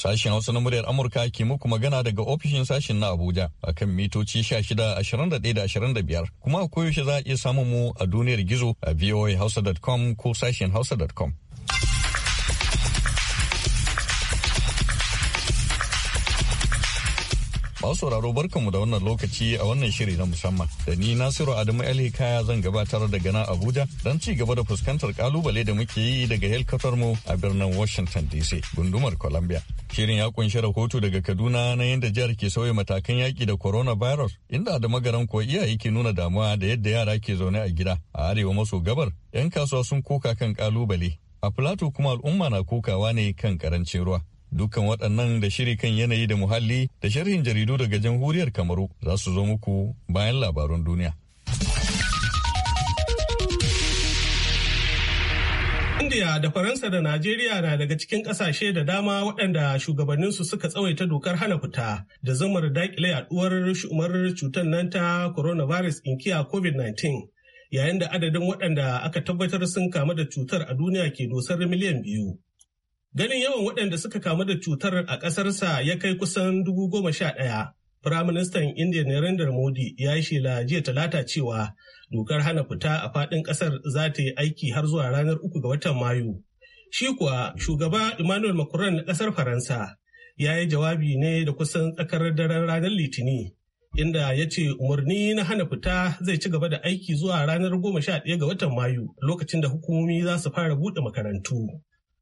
Sashen Hausa na muryar Amurka ke muku magana daga ofishin sashen na Abuja a kan mitoci 16 21 biyar kuma a koyaushe za a iya samun mu a duniyar gizo a voahausa.com ko sashen hausa.com. Masu sauraro barkanmu da wannan lokaci a wannan shiri na musamman. Da ni Nasiru Adamu Ali Kaya zan gabatar da gana Abuja don ci gaba da fuskantar kalubale da muke yi daga helkatar mu a birnin Washington DC, gundumar Columbia. Shirin ya kunshi rahoto daga Kaduna na yadda jihar ke sauya matakan yaki da coronavirus, inda da magaran kuwa iyaye ke nuna damuwa da yadda yara ke zaune a gida. A arewa maso gabar, 'yan kasuwa sun koka kan kalubale. A Filato kuma al'umma na kokawa ne kan karancin ruwa. Dukkan waɗannan da shiri kan yanayi da muhalli da sharhin jaridu daga jamhuriyar Kamaru za su zo muku bayan labarun duniya. India da Faransa da Najeriya na daga cikin ƙasashe da dama waɗanda shugabanninsu suka tsawaita dokar hana fita da zamar daƙile yaduwar shumar cutar nan ta coronavirus inkiya COVID-19 yayin da adadin waɗanda aka tabbatar sun kamu da cutar a duniya ke dosar miliyan biyu. Ganin yawan waɗanda suka kamu da cutar a ƙasarsa ya kai kusan dubu goma sha ɗaya. Firaministan Indiya Narendra Modi ya yi shela jiya talata cewa dokar hana fita a faɗin ƙasar za ta yi aiki har zuwa ranar uku ga watan Mayu. Shi kuwa shugaba Emmanuel Macron na ƙasar Faransa ya yi jawabi ne da kusan tsakar daren ranar Litini, inda ya ce umarni na hana fita zai ci gaba da aiki zuwa ranar goma sha ɗaya ga watan Mayu lokacin da hukumomi za su fara buɗe makarantu.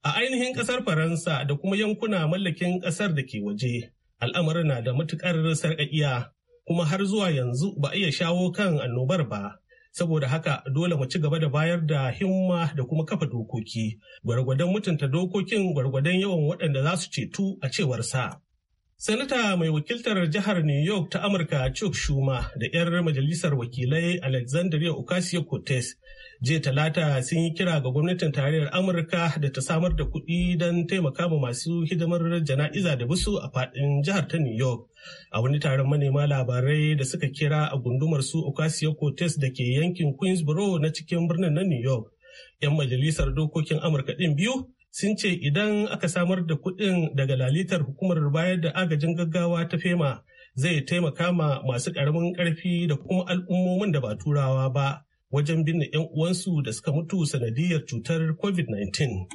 A ainihin ƙasar Faransa da kuma yankuna mallakin ƙasar da ke waje, al'amarin na da matuƙar sarƙaƙiya kuma har zuwa yanzu ba a iya shawo kan annobar ba. saboda haka dole mu ci gaba da bayar da himma da kuma kafa dokoki gwargwadon mutunta dokokin gwargwadon yawan waɗanda za su cetu a cewar sa. Sanata mai wakiltar jihar New York ta Amurka Chuck Schumer da 'yar majalisar wakilai Alexandria Ocasio-Cortez jiya talata sun yi kira ga gwamnatin tarayyar Amurka da ta samar da kuɗi don taimaka ma masu hidimar jana'iza da busu a faɗin jihar ta New York. A wani taron manema labarai da suka kira a gundumar su Ocasio-Cortez da ke yankin Queensboro na cikin birnin na New York. 'Yan majalisar dokokin Amurka ɗin biyu sun ce idan aka samar da kuɗin daga lalitar hukumar bayar da agajin gaggawa ta fema zai taimaka ma masu ƙaramin ƙarfi da kuma al'ummomin da ba turawa ba wajen binne 'yan uwansu da suka mutu sanadiyar cutar covid-19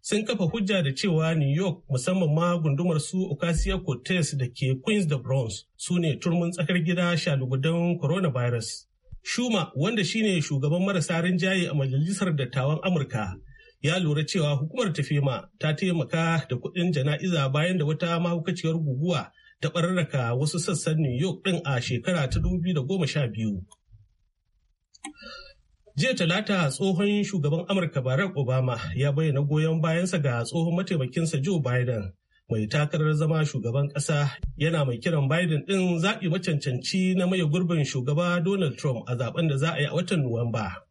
sun kafa hujja da cewa new york musamman ma gundumar su ocasio cortez da ke queens da bronx su ne turmin tsakar gida shalugudan coronavirus shuma wanda shine shugaban marasa rinjaye a majalisar dattawan amurka ya lura cewa hukumar tafima ta taimaka da kuɗin jana'iza bayan da wata mahaukaciyar guguwa ta ɓararraka wasu sassan New York ɗin a shekara ta 2012. Jiya talata tsohon shugaban Amurka Barack Obama ya bayyana goyon bayansa ga tsohon mataimakinsa Joe Biden mai takarar zama shugaban ƙasa yana mai kiran Biden ɗin zaɓi macancanci na maye gurbin shugaba Donald Trump a zaben da za a yi a watan Nuwamba.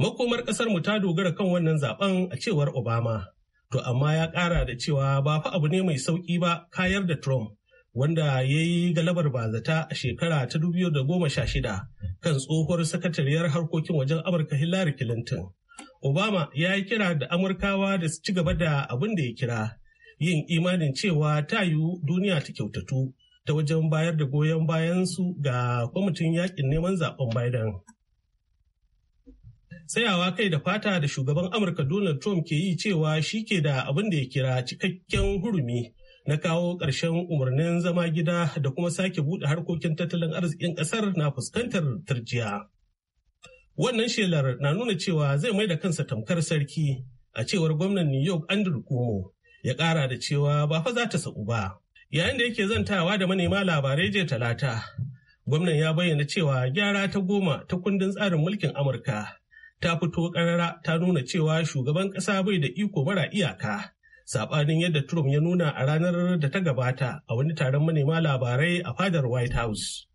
Makomar ƙasar mu ta dogara kan wannan zaben a cewar Obama. To amma ya ƙara da cewa ba fa abu ne mai sauki ba kayar da Trump wanda ya yi galabar bazata a shekara ta 2016 kan tsohuwar sakatariyar harkokin wajen Amurka Hillary Clinton. Obama ya yi kira da Amurkawa da su ci gaba da abin da ya kira yin imanin cewa ta yiwu duniya ta kyautatu ta wajen bayar da goyon bayansu ga kwamitin yakin neman zaben Biden. tsayawa kai da fata da shugaban amurka donald trump ke yi cewa shi ke da abin da ya kira cikakken hurumi na kawo ƙarshen umarnin zama gida da kuma sake buɗe harkokin tattalin arzikin ƙasar na fuskantar turjiya wannan shelar na nuna cewa zai mai da kansa tamkar sarki a cewar gwamnan new york andrew cuomo ya ƙara da cewa ba fa za ta saku ba yayin da yake zantawa da manema labarai jiya talata gwamnan ya bayyana cewa gyara ta goma ta kundin tsarin mulkin amurka ta fito karara ta nuna cewa shugaban ƙasa bai da iko mara iyaka. Saɓanin yadda Trump ya nuna a ranar da ta gabata a wani taron manema labarai a fadar White House.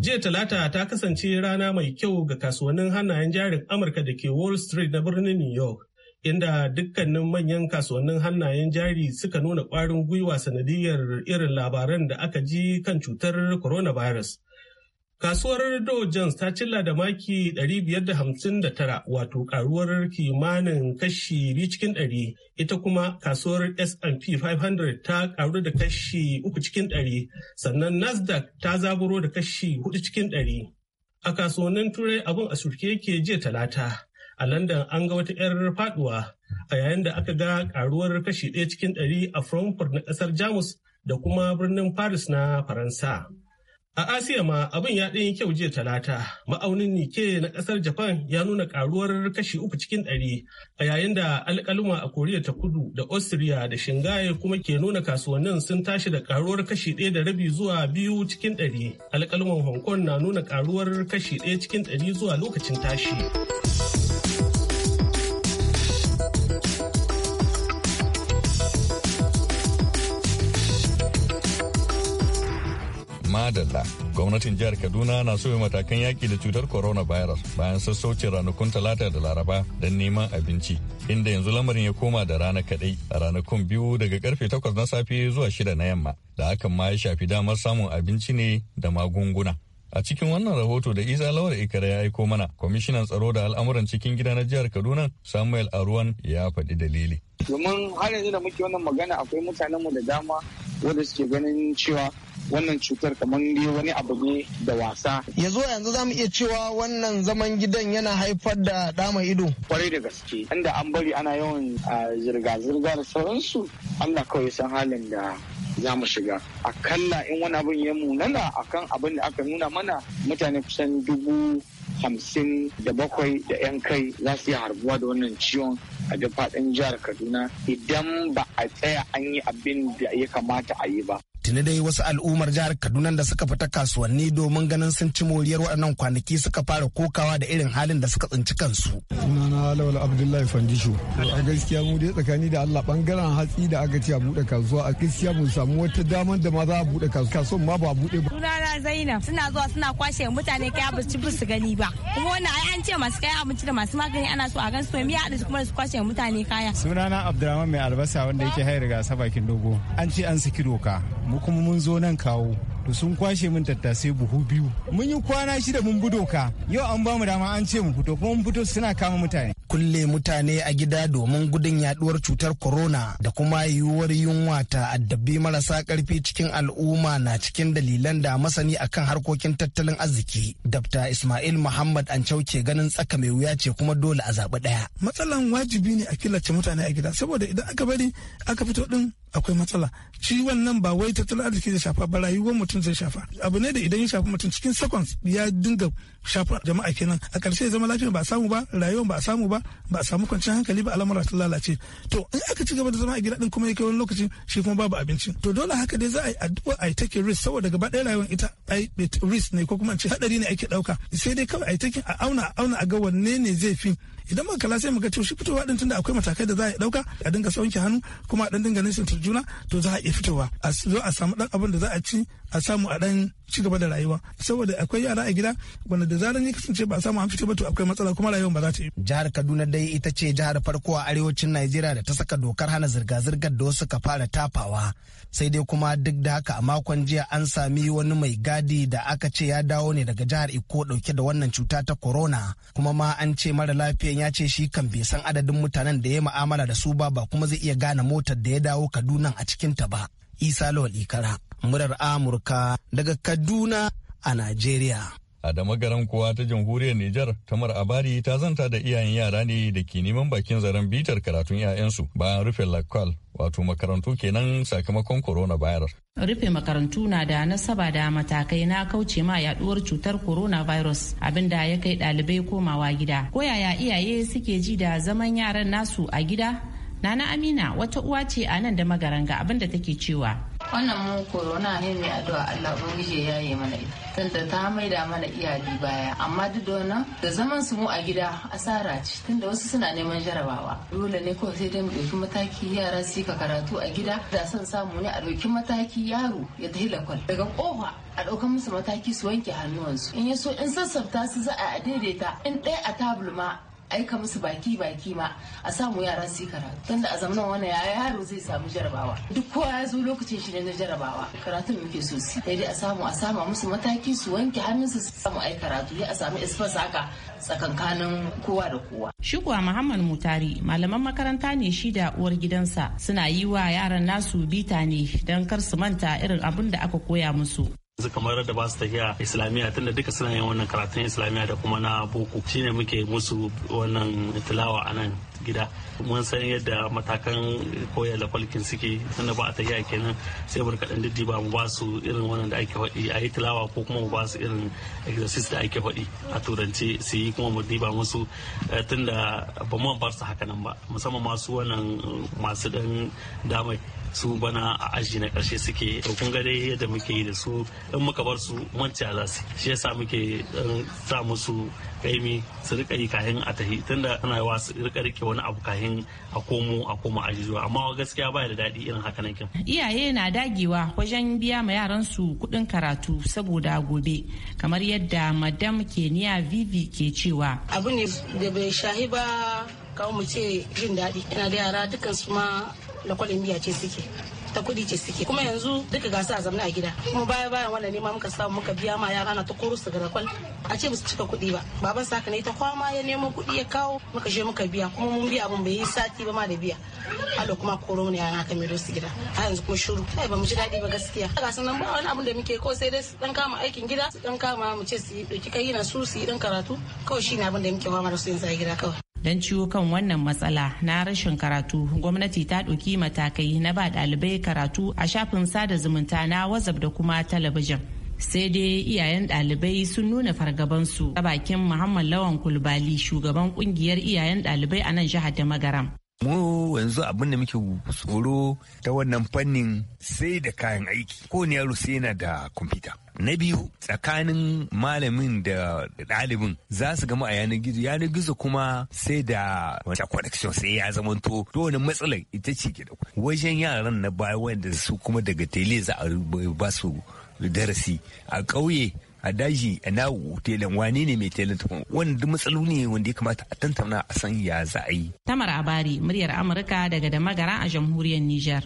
Jiya Talata ta kasance rana mai kyau ga kasuwannin hannayen jarin Amurka da ke Wall Street na birnin New York, inda dukkanin manyan kasuwannin hannayen jari suka nuna ƙwarin gwiwa sanadiyar irin labaran da aka ji kan cutar coronavirus Kasuwar Dow Jones ta cilla da maki 559 wato karuwar kimanin kashi biyu cikin ɗari, ita kuma kasuwar S&P 500 ta karu da kashi uku cikin ɗari, sannan Nasdaq ta zaburo da kashi hudu cikin ɗari. A kasuwannin Turai abin a surke yake jiya talata. A Landan an ga wata 'yar faduwa a yayin da aka ga karuwar kashi ɗaya cikin ɗari a Frankfurt na ƙasar Jamus da kuma birnin Paris na Faransa. A Asiya ma abin ya ɗanyi kyau jiya talata. Ma'aunin Nike na ƙasar Japan ya nuna ƙaruwar kashi uku cikin ɗari a yayin da alƙaluma a Koriya ta kudu da Austria da Shingaye kuma ke nuna kasuwannin sun tashi da ƙaruwar kashi ɗaya da rabi zuwa biyu cikin ɗari. Alƙaluman Hong Kong na nuna ƙaruwar kashi ɗaya cikin ɗari zuwa lokacin tashi. Madalla. Gwamnatin jihar Kaduna na soya matakan yaki da cutar coronavirus bayan sassauci ranakun Talata da Laraba don neman abinci, inda yanzu lamarin ya koma da rana kaɗai a ranakun biyu daga karfe takwas na safe zuwa shida na yamma, da hakan ma ya shafi damar samun abinci ne da magunguna. A cikin wannan rahoto da Isa Lawar Ikara ya aiko mana, kwamishinan tsaro da al'amuran cikin gida na jihar Kaduna Samuel Aruwan ya faɗi dalili. Domin har yanzu da muke wannan magana akwai mutanenmu da dama wanda suke ganin cewa wannan cutar kamar dai wani abu ne da wasa ya zo yanzu za mu iya cewa wannan zaman gidan yana haifar da dama ido kwarai da gaske inda an bari ana yawan zirga-zirga da sauransu allah kawai san halin da za mu shiga kalla, in wani abin ya munana akan abin da aka nuna mana mutane kusan dubu hamsin da bakwai da 'yan kai za su yi harbuwa da wannan ciwon a duk faɗin jihar kaduna idan ba a tsaya an yi abin da ya kamata a yi ba tuni dai wasu al'ummar jihar kaduna da suka fita kasuwanni domin ganin sun ci moriyar waɗannan kwanaki suka fara kokawa da irin halin da suka tsinci kansu sunana lawal abdullahi fandisho a gaskiya mu dai tsakani da allah bangaren hatsi da aka ce a buɗe kasuwa a gaskiya mu samu wata damar da ma za a buɗe kasuwa kasuwan ma ba a buɗe ba sunana zainab suna zuwa suna kwashe mutane kaya ba ci su gani ba kuma wannan ai an ce masu kayan abinci da masu magani ana so a gan su miya da kuma su kwashe mutane kaya sunana abdulrahman mai albasa wanda yake hayar gasa bakin dogo an ce an saki doka mu kuma mun zo nan kawo to sun kwashe min tattasai buhu biyu mun yi kwana shida mun bi doka yau an bamu dama an ce mu fito kuma mun fito suna kama mutane kulle mutane a gida domin gudun yaduwar cutar corona da kuma yiwuwar yunwa ta addabi marasa karfi cikin al'umma na cikin dalilan da masani akan harkokin tattalin arziki dr ismail muhammad an cauke ganin tsaka mai wuya ce kuma dole a zaɓi ɗaya matsalan wajibi ne a killace mutane a gida saboda idan aka bari aka fito din akwai matsala shi wannan ba wai tattalin arziki da shafa ba rayuwar mutum mutum zai shafa abu ne da idan ya shafi mutum cikin seconds ya dinga shafar jama'a kenan a ƙarshe zama lafiya ba a samu ba rayuwar ba a samu ba ba a samu kwanciyar hankali ba al'amura ta lalace to in aka ci gaba da zama a gida din kuma yake wani lokaci shi kuma babu abinci to dole haka dai za a yi addu'a a yi take risk saboda gaba ɗaya rayuwar ita ai risk ne ko kuma ce hadari ne ake ɗauka sai dai kawai a yi take a auna a auna a ga wanne ne zai fi idan muka kala sai muka ce shi fitowa din tunda akwai matakai da za a dauka a dinga sauke hannu kuma a dan dinga nisan juna to za a iya fitowa a zo a samu dan abin da za a ci a samu a dan ci gaba da rayuwa saboda akwai yara a gida wanda da zarar ya kasance ba samu an fito ba to akwai matsala kuma rayuwar ba za ta yi. Jihar Kaduna dai ita ce jihar farko a arewacin Najeriya da ta saka dokar hana zirga-zirgar da wasu ka fara tafawa. Sai dai kuma duk da haka a makon jiya an sami wani mai gadi da aka ce ya dawo ne daga jihar Iko dauke da wannan cuta ta corona kuma ma an ce mara lafiyan ya ce shi kan bai san adadin mutanen da ya mu'amala da su ba ba kuma zai iya gane motar da ya dawo Kaduna a cikinta ba. Isa Lawal Ikara, murar Amurka daga Kaduna a Najeriya. a da magaran kuwa ta jamhuriyar Nijar tamar abari ta zanta da iyayen yara ne da ke neman bakin zaren bitar karatun 'ya'yansu bayan rufe lakwal wato makarantu kenan sakamakon coronavirus. rufe makarantu na da nasaba da matakai na kauce ma yaduwar cutar corona coronavirus da ya kai ɗalibai komawa gida ko yaya iyaye suke ji da zaman yaran nasu a gida Nana Amina wata uwa ce a nan da magaranga abinda take cewa. Wannan mu korona ne mai addu'a Allah ubangiji ya yi mana ita. Tunda ta maida mana iyali baya amma duk da wannan da zaman su mu a gida asara ce tunda wasu suna neman jarabawa. Dole ne ko sai dai mu ɗauki mataki yara su ka karatu a gida da son samu ne a ɗauki mataki yaro ya tafi lakwal daga kofa a ɗaukar musu mataki su wanke hannuwansu in ya so in sassafta su za a daidaita in ɗaya a tabul aika musu baki baki ma a samu yaran su yi karatu tunda a zamanin wani ya yaro zai samu jarabawa duk kowa ya zo lokacin shi na jarabawa karatun muke so su dai a samu a sama musu mataki su wanke hannunsu su samu ai karatu ya a samu isfas haka tsakankanin kowa da kowa shigwa muhammad mutari malaman makaranta ne shi da uwar gidansa suna yi wa yaran nasu bita ne don kar su manta irin abin da aka koya musu yanzu kamar da ba su tafiya islamiyya tunda duka suna yin wannan karatun islamiyya da kuma na boko shine muke musu wannan tilawa a nan gida mun san yadda matakan koyar da kwalikin suke tunda ba a tafiya kenan sai mu rika diddi ba mu ba su irin wannan da ake faɗi a yi tilawa ko kuma mu ba su irin exercise da ake faɗi a turance su yi kuma mu diba musu eh, tunda ba mu bar su haka nan ba musamman masu wannan masu dan damai su bana a aji na karshe suke to kun ga yadda muke yi da su in muka bar su manciya za su shi yasa muke um, sa musu kaimi su rika yi kahin a tahi tunda ana yawa su rika rike wani abu kahin a komo a komo aji zuwa amma gaskiya ba da daɗi irin haka nan iyaye na dagewa wajen biya ma yaran su kuɗin karatu saboda gobe kamar yadda madam keniya vivi ke cewa abu ne da bai shahi ba kawo mu ce jin daɗi ina da yara dukkan su ma kwalin biya ce suke ta kudi ce suke kuma yanzu duka gasa a zamna a gida kuma baya bayan wannan nema muka samu muka biya ma yara na ta koro su kwal a ce musu cika kudi ba baban saka ne ta kwama ya nemo kudi ya kawo muka je muka biya kuma mun biya abun bai yi sati ba ma da biya alo kuma koro ne yana ka su gida a yanzu kuma shuru kai ba mu ji daɗi ba gaskiya ga na nan ba wani abun da muke ko sai dai su dan kama aikin gida su dan kama mu ce su yi doki kai na su su yi dan karatu kawai shine abun da muke fama da su yanzu a gida kawai don ciwo kan wannan matsala na rashin karatu gwamnati ta ɗauki matakai na ba ɗalibai karatu a shafin sada zumunta na wazab da kuma talabijin sai dai iyayen ɗalibai sun nuna fargabansu ta bakin muhammad lawan kulbali shugaban ƙungiyar iyayen ɗalibai a nan jihar da magaram mu yanzu abin da muke tsoro ta wannan fannin sai da kayan aiki ko ne yaro sai yana da kwamfuta na biyu tsakanin malamin da ɗalibin za su gama a yanar gizo yanar gizo kuma sai da wancan connection sai ya zamanto wani matsalar ita ce ke wajen yaran na baya wanda su kuma daga tele za a ba su darasi a ƙauye a daji a nawo telan wane ne mai telan tukun wani duk matsaloli ne wanda ya kamata a tantauna a san ya za a yi. Tamar Abari muryar Amurka daga da magara a jamhuriyar Nijar.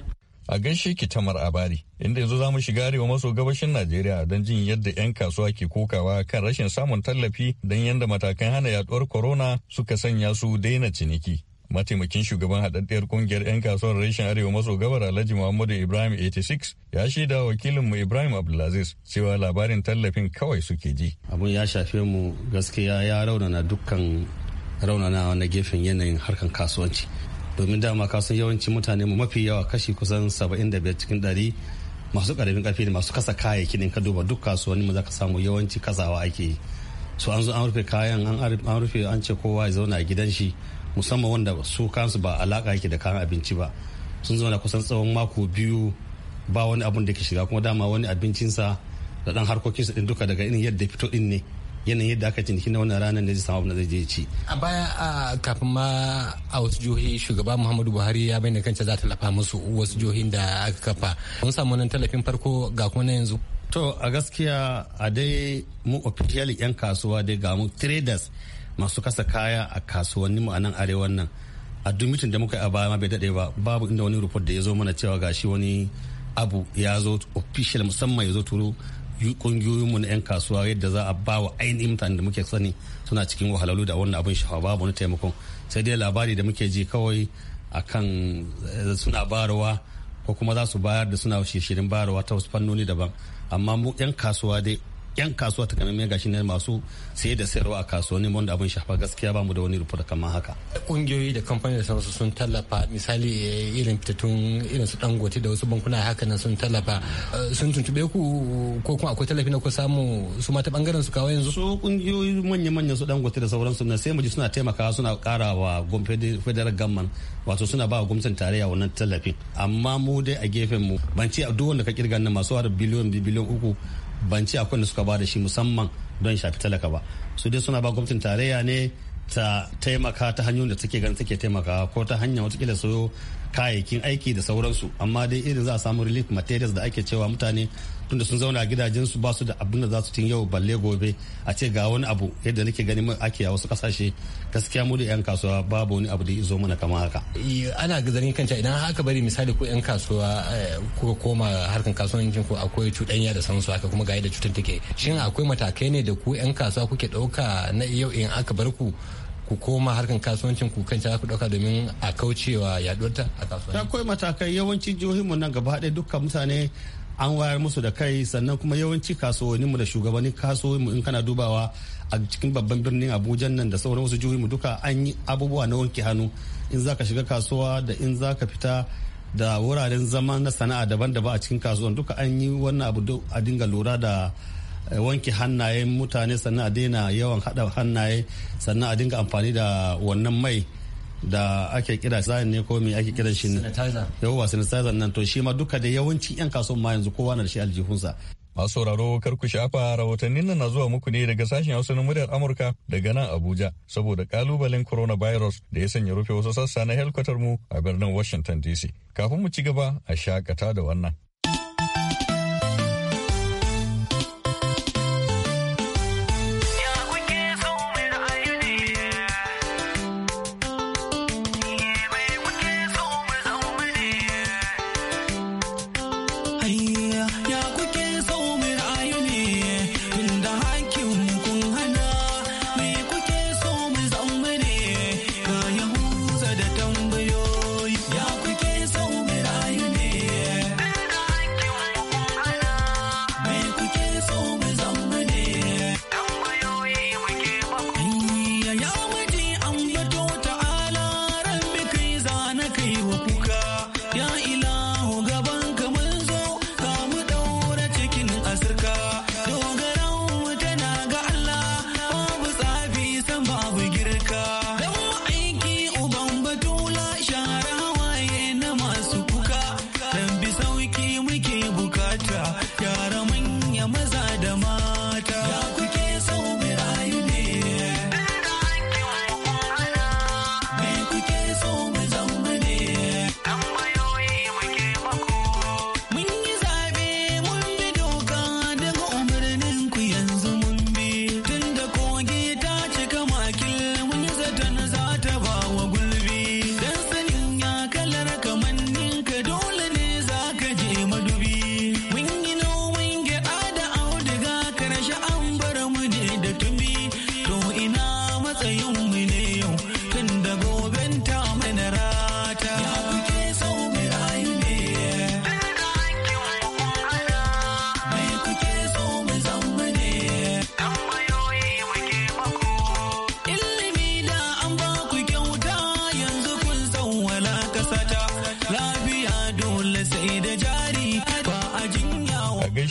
A gaishe ki Tamar Abari inda yanzu zamu mu shiga arewa maso gabashin Najeriya don jin yadda 'yan kasuwa ke kokawa kan rashin samun tallafi don yadda matakan hana yaduwar corona suka sanya su daina ciniki. mataimakin shugaban haɗaɗɗiyar kungiyar 'yan kasuwar reshen arewa maso gabar alhaji muhammadu ibrahim 86 ya shaida wakilinmu ibrahim abdulaziz cewa labarin tallafin kawai suke ji abun ya shafe mu gaskiya ya raunana dukkan raunanawa na gefen yanayin harkan kasuwanci domin dama kasuwan yawanci mutane mu mafi yawa kashi kusan 75 cikin 100 masu ƙarfin karfi ne masu kasa kayayyaki ne ka duba duk kasuwanni mu za ka samu yawanci kasawa ake yi so an zo an rufe kayan an rufe an ce kowa ya zauna a gidan shi musamman wanda su kansu ba alaka yake da kayan abinci ba sun zama da kusan tsawon mako biyu ba wani abun da ke shiga kuma dama wani abincinsa da dan harkokinsa din duka daga irin yadda fito din ne yanayin yadda aka ciniki na wannan ranar da zai samu zai je ci. A baya a kafin ma a wasu jihohi shugaba Muhammadu Buhari ya bayyana kanta za ta lafa musu wasu jihohin da aka kafa. Mun samu nan tallafin farko ga kuma na yanzu. To a gaskiya a dai mu officially 'yan kasuwa dai ga mu traders masu kasa kaya a kasuwanni mu a nan arewan nan a duk da muka yi a baya ma bai daɗe ba babu inda wani report da ya zo mana cewa gashi wani abu ya zo official musamman ya zo turo kungiyoyinmu na 'yan kasuwa yadda za a ba wa ainihin mutane da muke sani suna cikin wahalalu da wannan abin shafa babu wani taimakon sai dai labari da muke ji kawai akan eh, suna barawa ko kuma za su bayar da suna shirin barawa ta wasu fannoni daban amma mu 'yan kasuwa dai yan kasuwa ta kamar gashi na masu saye da sayarwa a kasuwanni wanda abin shafa gaskiya ba mu da wani rubuta kamar haka kungiyoyi da kamfanin da sauransu sun tallafa misali eh, irin fitattun irin su dangote da wasu bankuna haka nan sun tallafa eh, sun tuntube ku ko kuma akwai tallafi na ku samu su ma ta bangaren su kawai yanzu su kungiyoyi manya manya su dangote da sauransu na sai mu ji suna taimakawa suna kara wa federal gamman wato suna ba wa gwamnatin tarayya wannan tallafin amma mu dai a gefen mu ban ce a duk wanda ka kirgan nan masu har biliyon biliyon uku ban ce akwai da suka ba da shi musamman don shafi talaka ba su dai suna ba gwamnatin tarayya ne ta taimaka ta hanyoyin da take ganin take taimaka ko ta hanya watakila sayo kayayyakin aiki da sauransu amma dai irin za a samu relief materials da ake cewa mutane tunda sun zauna a gidajensu ba su da abin da za su yau balle gobe a ce ga wani abu yadda nake gani ake a wasu kasashe gaskiya mu da yan kasuwa babu wani abu da ya zo mana kama haka ana gazarin kanta idan haka bari misali ko yan kasuwa eh, kuka koma harkan kasuwancin ko akwai cuɗanya da sansu haka kuma ga yadda cutar take shin akwai matakai ne da ku yan kasuwa kuke ɗauka na yau in aka bar ku ku koma harkan kasuwancin ku kan ku dauka domin a kaucewa yaduwar ta a kasuwanci akwai matakai yawancin jihohinmu nan gaba ɗaya dukkan mutane an wayar musu da kai sannan kuma yawanci kasuwanninmu da shugabannin kasuwanninmu in kana dubawa a cikin babban birnin abuja nan da sauran wasu jihohinmu duka an yi abubuwa na wanke hannu in zaka shiga kasuwa da in zaka fita da wuraren zama na sana'a daban-daban a cikin kasuwan duka an yi wannan abu a dinga lura da wanke hannayen mutane sannan a daina yawan hada hannaye sannan a dinga amfani da wannan mai da ake kira zayin ne ko me ake kiran shi ne yawwa sanitizer nan to shi ma duka da yawanci yan kasuwan ma yanzu kowa na da shi aljihunsa masu sauraro kar ku shafa rahotannin nan na zuwa muku ne daga sashen hausa na muryar amurka daga nan abuja saboda kalubalen coronavirus da ya sanya rufe wasu sassa na helkwatar mu a birnin washington dc kafin mu ci gaba a shakata da wannan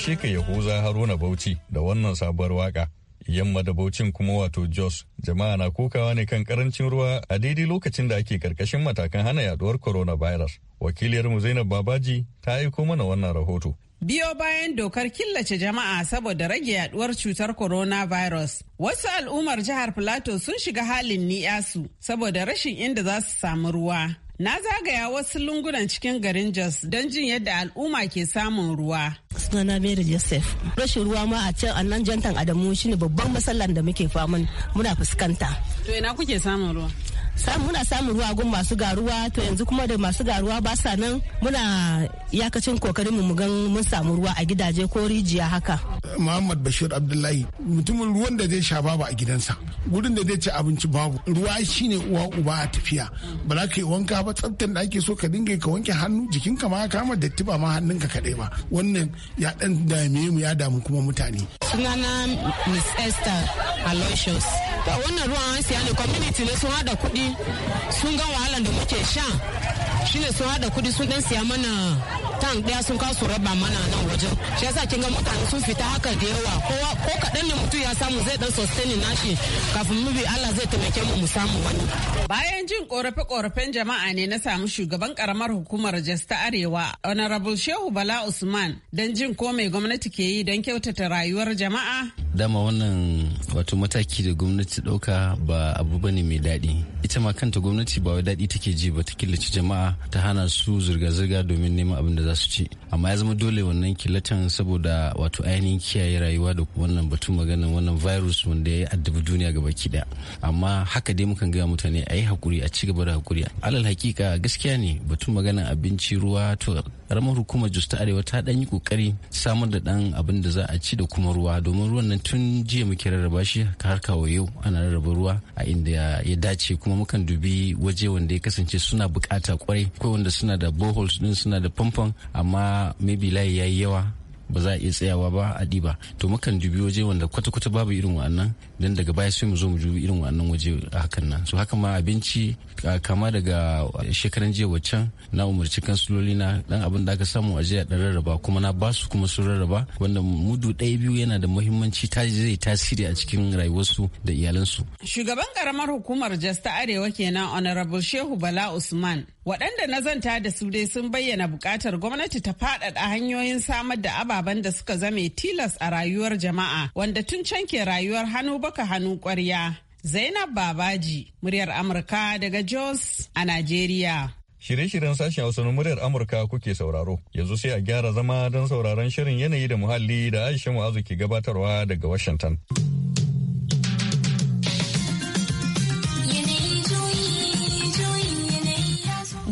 gaishe ka Yahuza Haruna Bauchi da wannan sabuwar waka. Yamma da baucin kuma wato Jos, jama'a na kokawa ne kan karancin ruwa a daidai lokacin da ake karkashin matakan hana yaduwar coronavirus. Wakiliyarmu Zainab Babaji ta aiko mana wannan rahoto. Biyo bayan dokar killace jama'a saboda rage yaduwar cutar coronavirus, wasu al'ummar jihar Plateau sun shiga halin ni'yasu saboda rashin inda za su samu ruwa. Na zagaya wasu lungunan cikin garin Jos don jin yadda al'umma ke samun ruwa. Sunana Mary Joseph. Rashin ruwa ma a can a nan jantan Adamu shine babban matsalar da muke faman muna fuskanta. To ina kuke samun ruwa? muna samun ruwa gun masu garuwa to yanzu kuma da masu garuwa ba sa nan muna yakacin kokarin mu gan mun samu ruwa a gidaje ko rijiya haka Muhammad Bashir Abdullahi mutumin ruwan da zai sha babu a gidansa gurin da zai ci abinci babu ruwa shine uwa uba a tafiya ba za ka yi wanka ba tsaftan da ake so ka dinga ka wanke hannu jikinka ma kama datti ba ma hannunka kadai ba wannan ya dan dame mu ya damu kuma mutane sunana Miss Esther Aloysius wannan ruwan an siya ne community ne sun hada kuɗi sun ga wahalar da muke sha shine sun hada kudi sun dan siya mana tank daya sun kasu raba mana nan wajen shi yasa kin ga mutane sun fita haka da yawa kowa ko kadan ne mutum ya samu zai dan sustain nashi kafin mu bi Allah zai taimake mu mu samu wani bayan jin korafe korafen jama'a ne na samu shugaban karamar hukumar Jos ta Arewa Honorable Shehu Bala Usman dan jin ko mai gwamnati ke yi dan kyautata rayuwar jama'a dama wannan wato mataki da gwamnati dauka ba abu bane mai daɗi ita ma kanta gwamnati ba wai dadi take ji ba ta killace jama'a ta hana su zirga-zirga domin neman abin da za su ci amma ya zama dole wannan kilatan saboda wato ainihin kiyaye rayuwa da wannan batun maganan wannan virus wanda ya yi addabi duniya ga gaba ɗaya amma haka dai mukan gaya mutane a yi hakuri a ci gaba da hakuri alal hakika gaskiya ne batun maganan abinci ruwa to karamar hukumar jos ta arewa ta dan yi kokari samar da dan abin da za a ci da kuma ruwa domin ruwan nan tun jiya muke rarraba shi har kawo yau ana rarraba ruwa a inda ya dace kuma mukan dubi waje wanda ya kasance suna bukata kwarai akwai wanda suna da boreholes din suna da famfon amma maybe layi yayi yawa ba za a iya tsayawa ba a ɗiba to mukan dubi waje wanda kwata-kwata babu irin wannan dan daga baya sai mu zo mu dubi irin wa'annan waje a hakan nan so haka ma abinci kama daga shekaran jiya waccan na umarci suloli na dan abin da aka samu a jiya dan rarraba kuma na basu kuma su rarraba wanda mudu ɗaya biyu yana da muhimmanci ta zai tasiri a cikin rayuwarsu da iyalansu shugaban karamar hukumar jasta arewa kenan honorable shehu bala usman waɗanda na zanta da su dai sun bayyana buƙatar gwamnati ta faɗaɗa hanyoyin samar da ababen da suka zame tilas a rayuwar jama'a wanda tun can ke rayuwar hannu baka hannu ƙwarya zainab babaji muryar amurka daga jos a najeriya Shirye-shiryen sashen Hausa na muryar Amurka kuke sauraro. Yanzu sai a gyara zama don sauraron shirin yanayi da muhalli da Aisha Mu'azu ke gabatarwa daga Washington.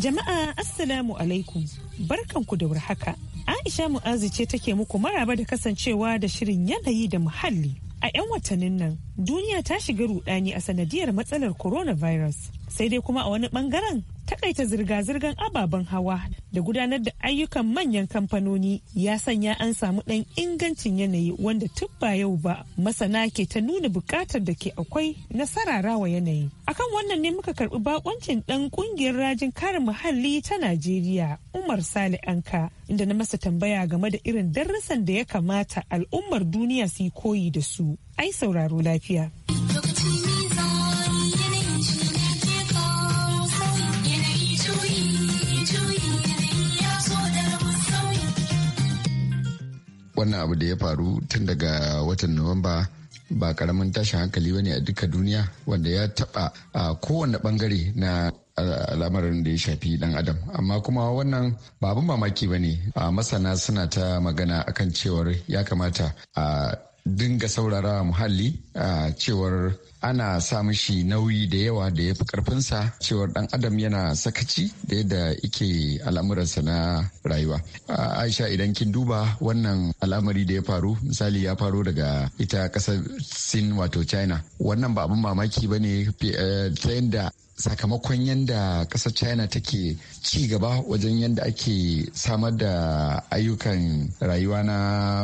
Jama'a Assalamu alaikum barkanku da warhaka. Aisha Muazi ce take muku maraba da kasancewa da shirin yanayi da muhalli. A 'yan watannin nan, duniya ta shiga rudani a sanadiyar matsalar coronavirus. Sai dai kuma a wani bangaren takaita zirga-zirgar ababen hawa da gudanar da ayyukan manyan kamfanoni ya sanya an samu ɗan ingancin yanayi wanda tun ba yau ba masana ke ta nuna buƙatar da ke akwai na sararawa yanayi akan wannan ne muka karɓi bakoncin ɗan ƙungiyar rajin kare muhalli ta najeriya umar sali anka inda na masa tambaya game da irin darussan da ya kamata al'ummar duniya su yi koyi da su ai sauraro lafiya wannan abu da ya faru tun daga watan nuwamba ba karamin tashin hankali wani a duka duniya wanda ya taba a kowane bangare na al'amarin da ya shafi dan adam amma kuma wannan ba abin mamaki ne masana suna ta magana akan cewar ya kamata a dinga saurara muhalli a cewar ana sa shi nauyi da yawa da ya fi karfinsa cewar dan adam yana sakaci da yadda ike al'amuransa na rayuwa aisha idan kin duba wannan al'amari da ya faru misali ya faru daga ita kasar sin wato china wannan ba abin mamaki ba ne eh, ta yadda sakamakon yadda kasar china take ci gaba wajen yadda ake samar da ayyukan rayuwa na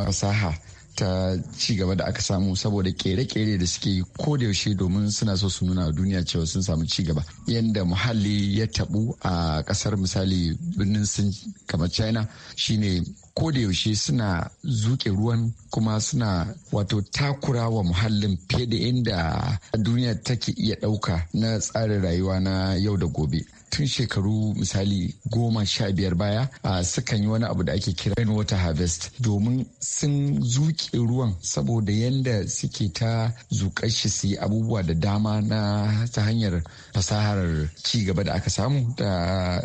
fasaha ta ci gaba da aka samu saboda kere-kere da suke ko da yaushe domin suna so su nuna duniya cewa sun samu ci gaba yadda muhalli ya tabu a kasar misali birnin sun kamar china shine ko da yaushe suna zuke ruwan kuma suna wato takura wa muhallin fiye da inda duniya take iya ɗauka na tsarin rayuwa na yau da gobe tun shekaru misali goma sha biyar baya a sukan yi wani abu da ake kira water harvest domin sun zuke ruwan saboda yadda suke ta zuƙar shi su yi abubuwa da dama na ta hanyar fasahar ci gaba da aka samu da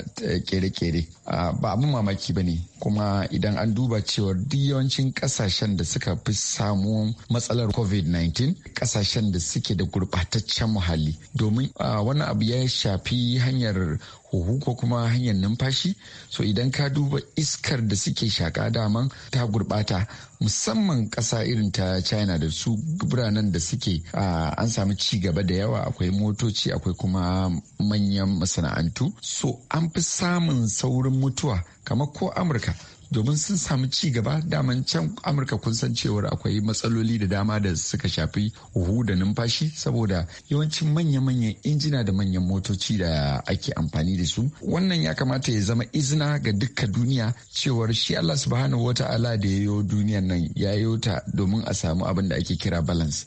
kere-kere ba abin mamaki ba ne kuma idan an duba cewar duk yawancin kasashen da suka fi samu matsalar covid-19 kasashen da suke da gurɓataccen muhalli domin wani abu ya shafi hanyar huhu ko kuma hanyar numfashi so idan ka duba iskar da suke shaka daman ta gurbata musamman ƙasa irin ta china da su biranen da suke an samu ci gaba da yawa akwai motoci akwai kuma manyan masana'antu so an fi samun saurin mutuwa kamar ko amurka domin sun samu ci gaba daman can amurka kun san cewar akwai matsaloli da dama da suka shafi huhu da numfashi saboda yawancin manya-manyan injina da manyan motoci da ake amfani da su wannan ya kamata ya zama izina ga duka duniya cewar shi allah subhanahu wa ta'ala da ya yi duniyan nan ya yi ta domin a samu abin da ake kira balance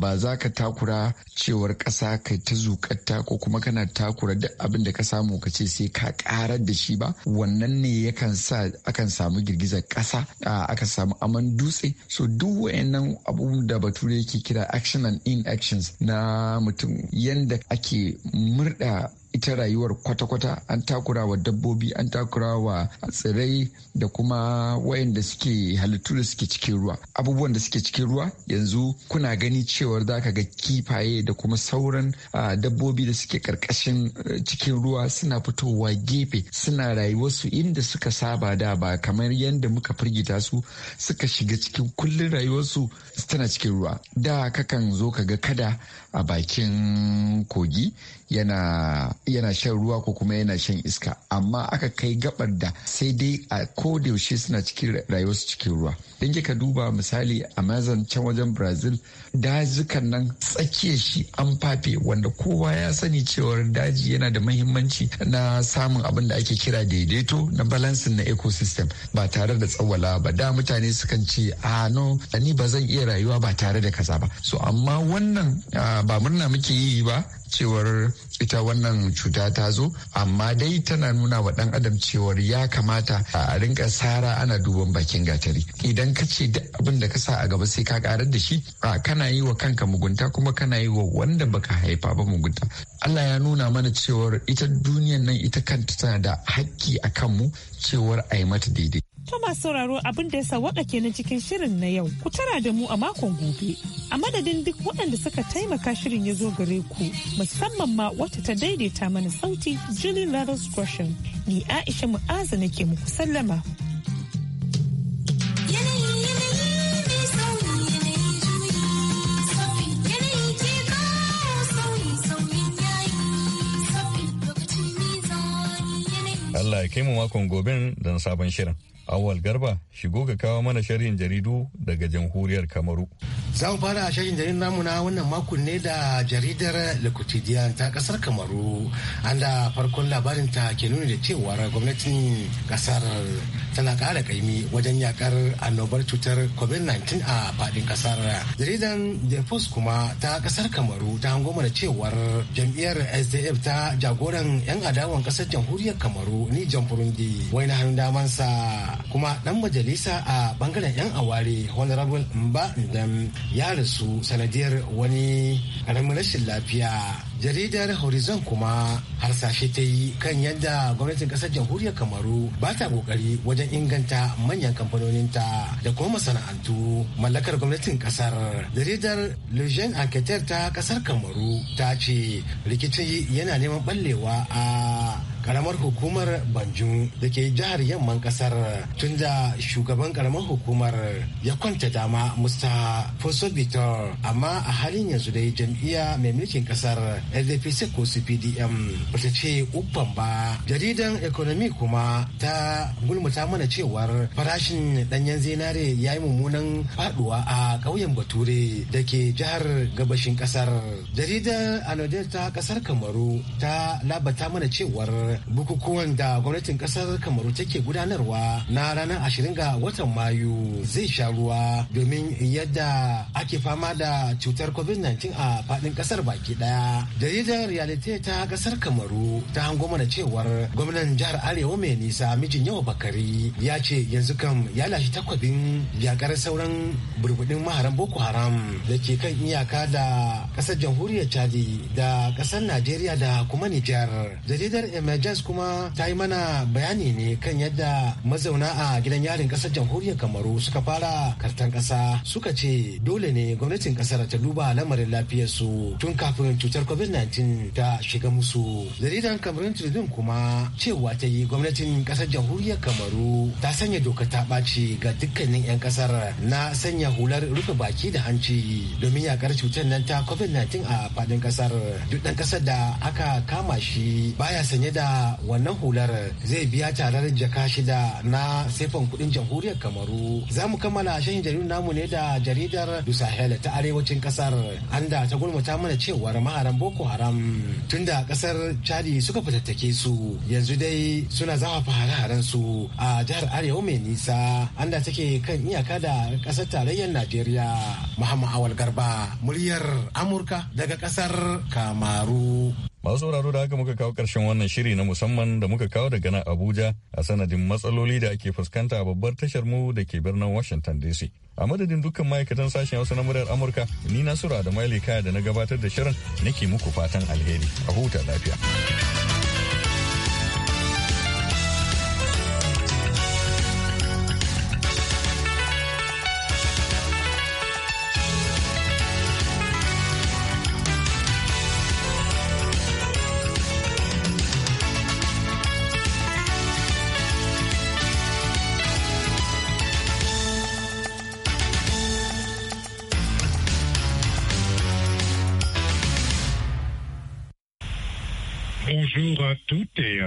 ba za ka takura cewar ƙasa ka ta zukatta ko kuma kana takura duk abin da ka samu ka ce sai ka karar da shi ba wannan ne yakan sa akan samu girgizar ƙasa aka samu aman dutse so duk wayannan abubuwan da bature yake kira action and inactions na mutum yadda ake murda ita rayuwar kwata-kwata an takura wa dabbobi an takura wa tsirai da kuma wayanda suke halittu da suke cikin ruwa abubuwan da suke cikin ruwa yanzu kuna gani cewar ka ga kifaye da kuma sauran dabbobi da suke karkashin eh, cikin ruwa suna fitowa gefe suna rayuwarsu inda suka saba da ba kamar yadda muka firgita su suka shiga cikin kullun rayuwarsu tana cikin ruwa da kakan zo ka ga kada a bakin kogi yana shan ruwa ko kuma yana shan iska amma aka kai gabar da sai dai a ko suna cikin rayuwarsu cikin ruwa Don kika duba misali amazon can wajen brazil dazukan nan tsakiyar shi an fafe wanda kowa ya sani cewar daji yana da mahimmanci na samun abin da ake kira daidaito na balansin na ecosystem ba tare da tsawala ba da mutane sukan ce a no ni ba zan iya rayuwa ba tare da kaza ba so amma wannan ba murna muke yi ba cewar ita wannan cuta ta zo amma dai tana nuna wa dan adam cewar ya kamata a rinka sara ana duban bakin gatari idan ka ce duk abin da ka sa a gaba sai ka karar da shi a kana yi wa kanka mugunta kuma kana yi wa wanda baka haifa ba mugunta Allah ya nuna mana cewar ita duniyan nan ita kanta tana da hakki a kanmu cewar a yi mata daidai ta masu sauraro abin da ya ke na cikin shirin na yau. Ku tara da mu a makon gobe. A madadin duk waɗanda suka taimaka shirin ya zo gare ku musamman ma wata ta daidaita mana sauti Julie Ladders Gresham. Ni Aisha Mu'azu nake muku sallama. Allah ya kai mu makon gobin don sabon shirin. Awal Garba shigo ga kawo mana sharhin jaridu daga jamhuriyar Kamaru. Za mu fara sharhin jaridun namu na wannan makon ne da jaridar Le Quotidien ta kasar Kamaru. An da farkon labarin ta ke nuni da cewa gwamnatin kasar tana kara kaimi wajen yakar annobar cutar covid-19 a fadin kasar jaridan the kuma ta kasar kamaru ta hango da cewar jam'iyyar sdf ta jagoran yan adawan kasar jamhuriyar kamaru ni jan burundi wai na hannun damansa kuma dan majalisa a bangaren yan aware honorable mba ndam ya rasu sanadiyar wani karamin rashin lafiya jaridar horizon kuma harsashi ta yi kan yadda gwamnatin kasar jamhuriyar kamaru ba ta kokari wajen inganta manyan kamfanoninta da kuma masana'antu mallakar gwamnatin kasar jaridar lejeune enquêteur ta kasar kamaru ta ce rikici yana neman ballewa a karamar hukumar banjun da ke jihar yamman kasar tun da shugaban karamar hukumar ya kwanta dama musta foso amma a halin yanzu dai jam'iyya mai mulkin kasar ldpc ko cpdm bata ce uban ba jaridan economy kuma ta gulmuta mana cewar farashin danyen zinare ya yi mummunan faduwa a ƙauyen bature da ke jihar gabashin kasar jaridar anodel ta kasar kamaru ta labata mana cewar bukukuwan da gwamnatin kasar kamaru take gudanarwa na ranar ashirin ga watan mayu zai sha ruwa domin yadda ake fama da cutar covid-19 a faɗin kasar baki daya jaridar realite ta kasar kamaru ta hango mana cewar gwamnan jihar arewa mai nisa mijin yawa bakari ya ce yanzu kam ya lashe takwabin yakar sauran burbuɗin maharan boko haram da ke kan iyaka da kasar jamhuriyar chadi da kasar najeriya da kuma nijar jaridar emergence Jazz kuma ta yi mana bayani ne kan yadda mazauna a gidan yarin kasar jamhuriyar Kamaru suka fara kartan kasa suka ce dole ne gwamnatin kasar ta duba lamarin lafiyarsu tun kafin cutar COVID-19 ta shiga musu. Jaridan Kamarun Tribune kuma cewa ta yi gwamnatin kasar jamhuriyar Kamaru ta sanya doka ta ɓaci ga dukkanin 'yan kasar na sanya hular rufe baki da hanci domin yakar cutar nan ta COVID-19 a faɗin kasar. Duk ɗan kasar da aka kama shi baya sanye da wannan hular zai biya tarar jaka shida na sefan kudin jamhuriyar kamaru za mu kammala shan jaridu namu ne da jaridar dusahel ta arewacin kasar anda ta gulmata mana cewar maharan boko haram tunda kasar chadi suka fitattake su yanzu dai suna zama hare su a jihar arewa mai nisa anda take kan iyaka da kasar tarayyar najeriya muhammad awal garba muryar amurka daga kasar kamaru Masu sauraro da haka muka kawo ƙarshen wannan shiri na musamman da muka kawo daga nan Abuja a sanadin matsaloli da ake fuskanta a babbar tashar mu da ke birnin Washington DC. A madadin dukkan ma'aikatan sashen Hausa na muryar Amurka, ni Nasura da Maili Kaya da na gabatar da shirin nake muku fatan alheri. A huta lafiya. tutte